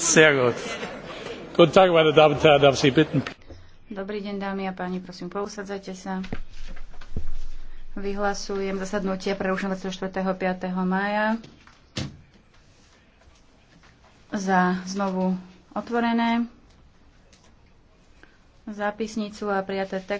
Dobrý deň, dámy a páni, prosím, pousadzajte sa. Vyhlasujem zasadnutie prerušené 24. 5. mája za znovu otvorené zápisnicu a prijaté texty.